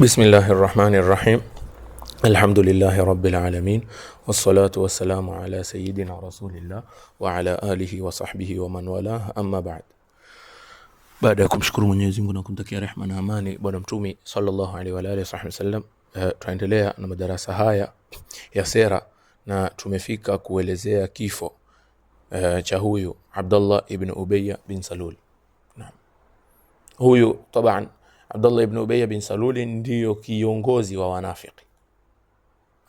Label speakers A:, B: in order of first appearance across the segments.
A: بسم الله الرحمن الرحيم الحمد لله رب العالمين والصلاة والسلام على سيدنا رسول الله وعلى آله وصحبه ومن والاه أما بعد بعد أكم شكر من يزيم قنا كنت كي رحمنا أماني تومي صلى الله عليه وآله وصحبه وسلم تعين تليا أن مدرسة هايا يا سيرا نا تومي فيكا كوالزيا كيفو شهويو عبد الله ابن أبي بن سلول نعم هو طبعا Abdullah ibn Ubay bin Saluli ndiyo kiongozi wa wanafiki,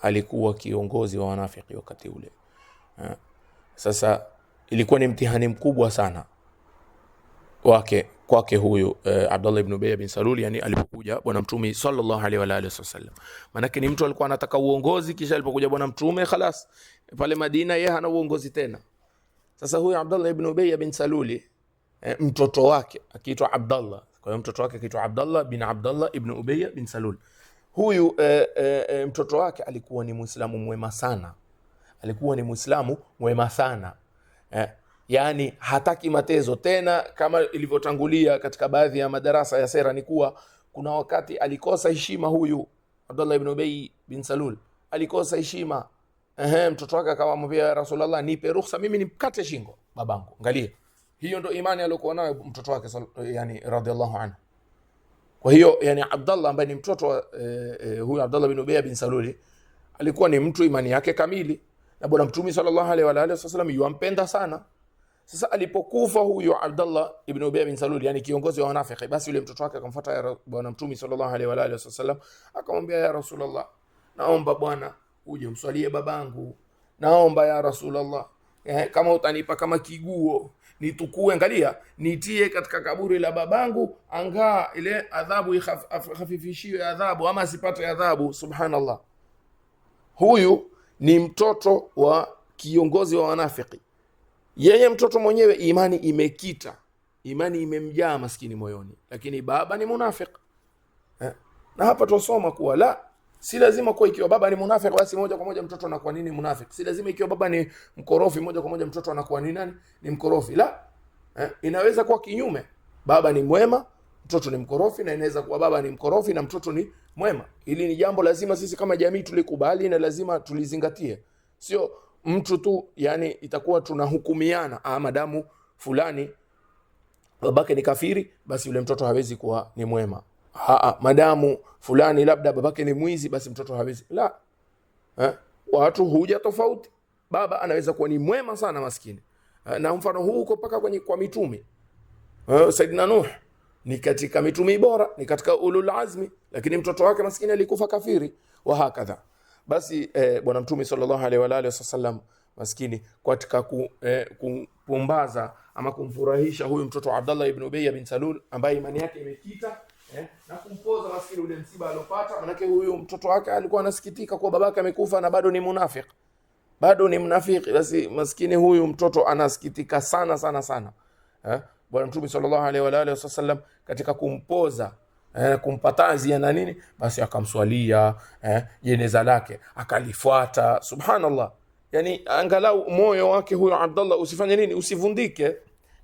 A: alikuwa kiongozi wa wanafiki wakati ule. Sasa ilikuwa ni mtihani mkubwa sana wake kwake huyu eh, Abdullah ibn Ubay bin Salul, yani alipokuja bwana mtume sallallahu alaihi wa alihi wasallam, manake ni mtu alikuwa anataka uongozi, kisha alipokuja bwana mtume khalas, pale Madina yeye hana uongozi tena. Sasa huyu Abdullah ibn Ubay bin Saluli eh, mtoto wake akiitwa Abdullah kwa hiyo mtoto wake akaitwa Abdallah bin Abdallah ibn Ubayya bin Salul. Huyu e, e, mtoto wake alikuwa ni Muislamu mwema sana, alikuwa ni Muislamu mwema sana eh, yani hataki matezo tena. Kama ilivyotangulia katika baadhi ya madarasa ya sera, ni kuwa kuna wakati alikosa heshima huyu Abdallah ibn Ubay bin Salul alikosa heshima. Ehe, mtoto wake akamwambia Rasulullah, nipe ruhusa mimi nimkate shingo babangu. Angalia hiyo ndo imani aliyokuwa nayo mtoto wake yani radhiallahu anhu. Kwa hiyo yani Abdallah ambaye ni mtoto wa e, e, huyu Abdallah bin Ubeya bin Saluli alikuwa ni mtu imani yake kamili, na bwana Mtume sallallahu alaihi wa alihi wasallam yuampenda sana. Sasa alipokufa huyo Abdallah ibn Ubay bin Salul, yani kiongozi wa wanafiki, basi yule mtoto wake akamfuata bwana Mtume sallallahu alaihi wa alihi wasallam, akamwambia ya Rasulullah, naomba bwana uje umswalie babangu, naomba ya Rasulullah, eh, kama utanipa kama kiguo nitukue, angalia, nitie katika kaburi la babangu, angaa ile adhabu ihafifishiwe adhabu, ama asipate adhabu. Subhanallah, huyu ni mtoto wa kiongozi wa wanafiki. Yeye mtoto mwenyewe imani imekita, imani imemjaa maskini moyoni, lakini baba ni munafiki eh? na hapa twasoma kuwa la Si lazima kuwa ikiwa baba ni mnafiki basi moja kwa moja mtoto anakuwa nini mnafiki. Si lazima ikiwa baba ni mkorofi moja kwa moja mtoto anakuwa ni nani? Ni mkorofi. La. Eh, inaweza kuwa kinyume. Baba ni mwema, mtoto ni mkorofi na inaweza kuwa baba ni mkorofi na mtoto ni mwema. Hili ni jambo lazima sisi kama jamii tulikubali na lazima tulizingatie. Sio mtu tu yani itakuwa tunahukumiana ah, madamu fulani babake ni kafiri, basi yule mtoto hawezi kuwa ni mwema. Aa, ah, ah, madamu fulani labda babake ni mwizi, basi mtoto hawezi la ha? Eh, watu huja tofauti. Baba anaweza kuwa ni mwema sana maskini, eh, na mfano huu uko mpaka kwenye kwa mitume. Eh, Saidina Nuh ni katika mitume bora, ni katika ulul azmi, lakini mtoto wake maskini alikufa kafiri wa hakadha. Basi eh, bwana mtume sallallahu alaihi wa alihi wasallam maskini katika kumpumbaza eh, ama kumfurahisha huyu mtoto Abdallah ibn Ubay bin Salul ambaye imani yake imekita Eh? na kumpoza maskini ule msiba aliopata. Manake huyu mtoto wake alikuwa anasikitika kuwa babake amekufa na bado ni munafiki, bado ni mnafiki. Basi maskini huyu mtoto anasikitika sana sana sana eh? Bwana Mtume sallallahu alaihi wa alihi wasallam katika kumpoza eh, kumpatazia na nini, basi akamswalia eh, jeneza lake akalifuata. Subhanallah, yani angalau moyo wake huyo Abdallah usifanye nini, usivundike.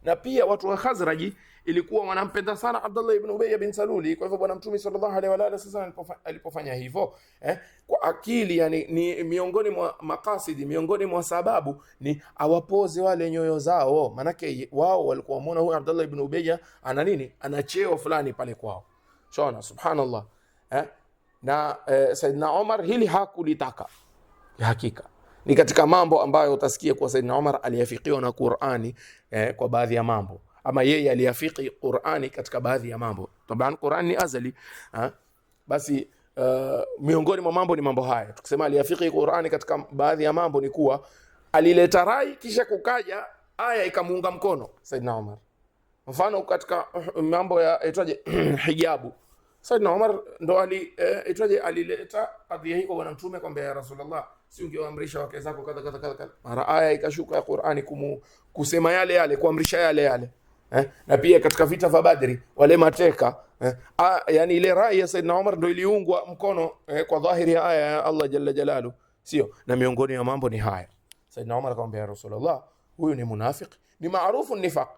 A: Na pia watu wa Khazraji ilikuwa wanampenda sana Abdullah ibn Ubay bin Saluli. Kwa hivyo bwana Mtume sallallahu alaihi wa alihi wasallam alipofanya hivyo eh, kwa akili yani, ni miongoni mwa makasidi, miongoni mwa sababu ni awapoze wale nyoyo zao, manake wao walikuwa wameona huyu Abdullah ibn Ubay ana nini, ana cheo fulani pale kwao. Shona, subhanallah eh, na eh, Saidna Omar hili hakulitaka hakika ni katika mambo ambayo utasikia kuwa Saidna Omar aliafikiwa na Qurani eh, kwa baadhi ya mambo ama yeye aliafiki Qur'ani katika baadhi ya mambo. Tabaan, Qur'ani ni azali ha? Basi uh, miongoni mwa mambo ni mambo haya. Tukisema aliafiki Qur'ani katika baadhi ya mambo ni kuwa alileta rai kisha kukaja aya ikamuunga mkono Saidna Umar. Mfano katika uh, mambo ya itwaje hijabu. Saidna Umar ndo ali eh, itwaje alileta kadhia hii kwa bwana mtume kwamba ya Rasulullah si ungewaamrisha wake zako kadha kadha kadha. Mara aya ikashuka ya Qur'ani kumu kusema yale yale kuamrisha yale yale eh? na pia katika vita vya Badri wale mateka eh? A, ah, yani ile rai ya Saidna Umar ndo iliungwa mkono eh, kwa dhahiri ya aya ya Allah jalla jalalu, sio na miongoni ya mambo ni haya. Saidna Umar akamwambia ya Rasulullah, huyu ni munafiki, ni maarufu nifaq,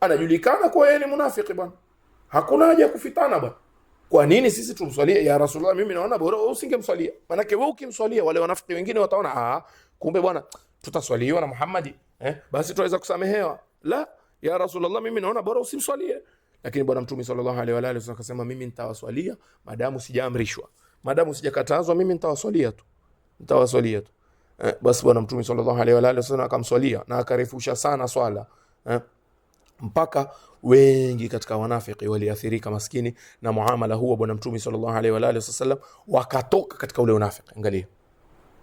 A: anajulikana kuwa yeye ni munafiki bwana, hakuna haja ya kufitana bwana. Kwa nini sisi tumswalie ya Rasulullah? Mimi naona bora usingemswalia, manake wewe ukimswalia wale wanafiki wengine wataona ah, kumbe bwana tutaswaliwa na Muhammadi eh, basi tunaweza kusamehewa la ya Rasulullah, mimi naona bora usimswalie. Lakini Bwana Mtume sallallahu alaihi wa alihi akasema, mimi nitawaswalia madamu sijaamrishwa, madamu sijakatazwa, mimi nitawaswalia tu, nitawaswalia tu. Eh, basi Bwana Mtume sallallahu alaihi wa alihi wasallam akamswalia na akarefusha sana swala eh, mpaka wengi katika wanafiki waliathirika maskini na muamala huwa Bwana Mtume sallallahu alaihi wa alihi wasallam, wakatoka katika ule unafiki. Angalia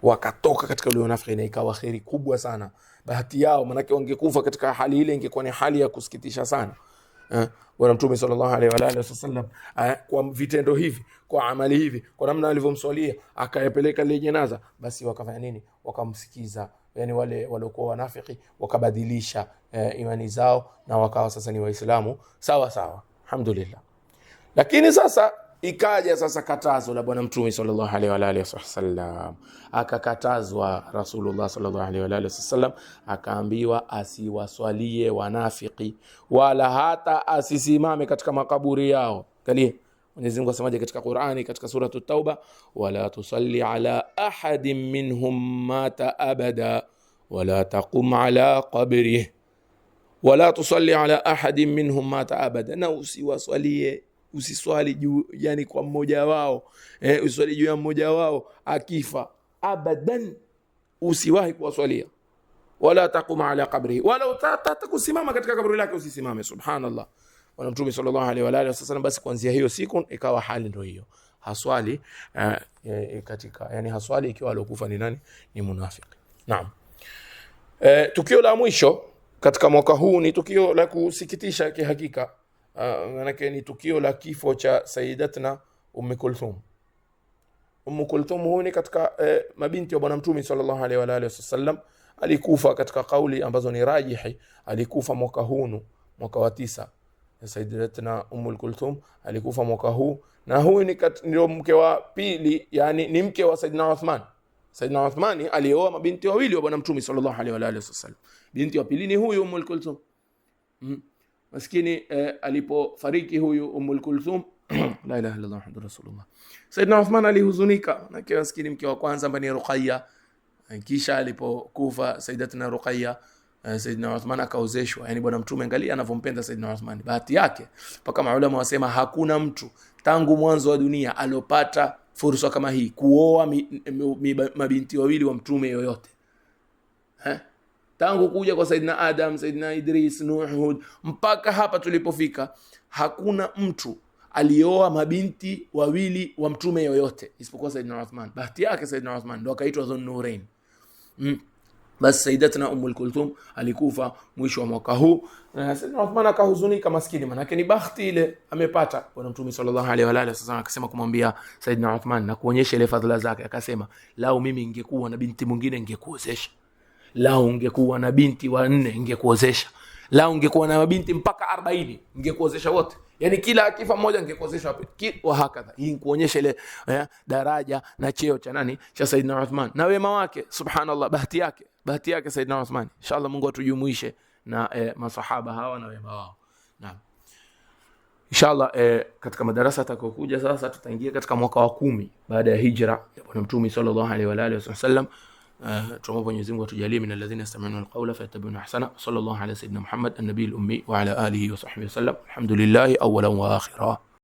A: wakatoka katika ule unafiki na ikawa kheri kubwa sana bahati yao, manake wangekufa katika hali ile, ingekuwa ni hali ya kusikitisha sana. Eh, Bwana Mtume sallallahu alaihi wa alihi wasallam eh, kwa vitendo hivi, kwa amali hivi, kwa namna alivyomswalia akayapeleka lile jenaza, basi wakafanya nini? Wakamsikiza yani wale waliokuwa wanafiki wakabadilisha eh, imani zao na wakawa sasa ni Waislamu sawa sawa, alhamdulillah. Lakini sasa Ikaja sasa katazo la Bwana Mtume sallallahu alaihi wa alihi wasallam, akakatazwa Rasulullah sallallahu alaihi wa alihi wasallam, akaambiwa asiwaswalie wanafiki wala hata asisimame katika makaburi yao. Angalie Mwenyezi Mungu asemaje katika Qur'ani, katika suratu Tauba, wala tusalli ala ahadin minhum mata abada wala taqum ala qabrihi wala tusalli ala ahadin minhum mata abada, na usiwaswalie usiswali juu yani kwa mmoja wao eh, usiswali juu ya mmoja wao akifa abadan, usiwahi kuwaswalia wala taquma ala qabrihi, wala utakusimama katika kaburi lake usisimame. Subhanallah, bwana Mtume sallallahu alaihi wa alihi wasallam. Basi kuanzia hiyo siku ikawa hali ndio hiyo, haswali eh, eh, katika yani haswali ikiwa aliokufa ni nani? Ni munafiki. Naam. Eh, tukio la mwisho katika mwaka huu ni tukio la kusikitisha kihakika. Ah, manake ni tukio la kifo cha sayidatna ummu kulthum ummu kulthum huyu ni katika eh, mabinti wa bwana mtume sallallahu alaihi wa alihi wasallam alikufa katika kauli ambazo ni rajihi alikufa mwaka huu mwaka wa tisa sayidatna ummu kulthum alikufa mwaka huu na huyu ni ndio mke wa pili yani ni mke wa sayidina uthman sayidina uthmani alioa mabinti wawili wa bwana mtume sallallahu alaihi wa alihi wasallam binti wa pili ni huyu ummu kulthum mm maskini eh, alipofariki huyu Ummul Kulthum la ilaha Allah Muhammadur Rasulullah. Saidna Uthman alihuzunika, kwa maskini mke wa kwanza ambaye ni Ruqayya, eh, kisha alipokufa Saidatuna Ruqayya eh, Saidna Uthman akaozeshwa. Yani bwana Mtume, angalia anavyompenda Saidna Uthman. Bahati yake mpaka maulama wasema hakuna mtu tangu mwanzo wa dunia alopata fursa kama hii kuoa mabinti wawili wa Mtume yoyote, eh? tangu kuja kwa Saidina Adam, Saidina Idris, Nuh, Hud mpaka hapa tulipofika, hakuna mtu alioa mabinti wawili wa mtume yoyote isipokuwa Saidina Uthman. Bahati yake Saidina Uthman ndo akaitwa Dhunnurain. Mm. Bas Saidatna Ummul Kulthum alikufa mwisho wa mwaka huu, na Saidina Uthman akahuzunika, maskini, manake ni bahati ile amepata. Bwana Mtume sallallahu alaihi wa alihi wasallam akasema kumwambia Saidina Uthman na kuonyesha ile fadhila zake, akasema lau mimi ningekuwa na binti mwingine ningekuozesha lao ungekuwa na binti wanne ingekuozesha lao ungekuwa na mabinti mpaka arobaini ingekuozesha wote yani kila akifa mmoja ingekuozesha wahakadha hii nkuonyesha ile ya, eh, daraja na cheo cha nani cha saidna uthman na wema wake subhanallah bahati yake bahati yake saidna uthman inshaallah mungu atujumuishe na eh, masahaba hawa na wema wao naam inshallah eh, katika madarasa atakokuja sasa tutaingia katika mwaka wa kumi baada ya hijra ya bwana mtume sallallahu alaihi wa alihi wasallam آه، تشوفوا بنيزي وتجالي من الذين يستمعون القول فيتبعون احسنه صلى الله على سيدنا محمد النبي الامي وعلى اله وصحبه وسلم الحمد لله اولا واخرا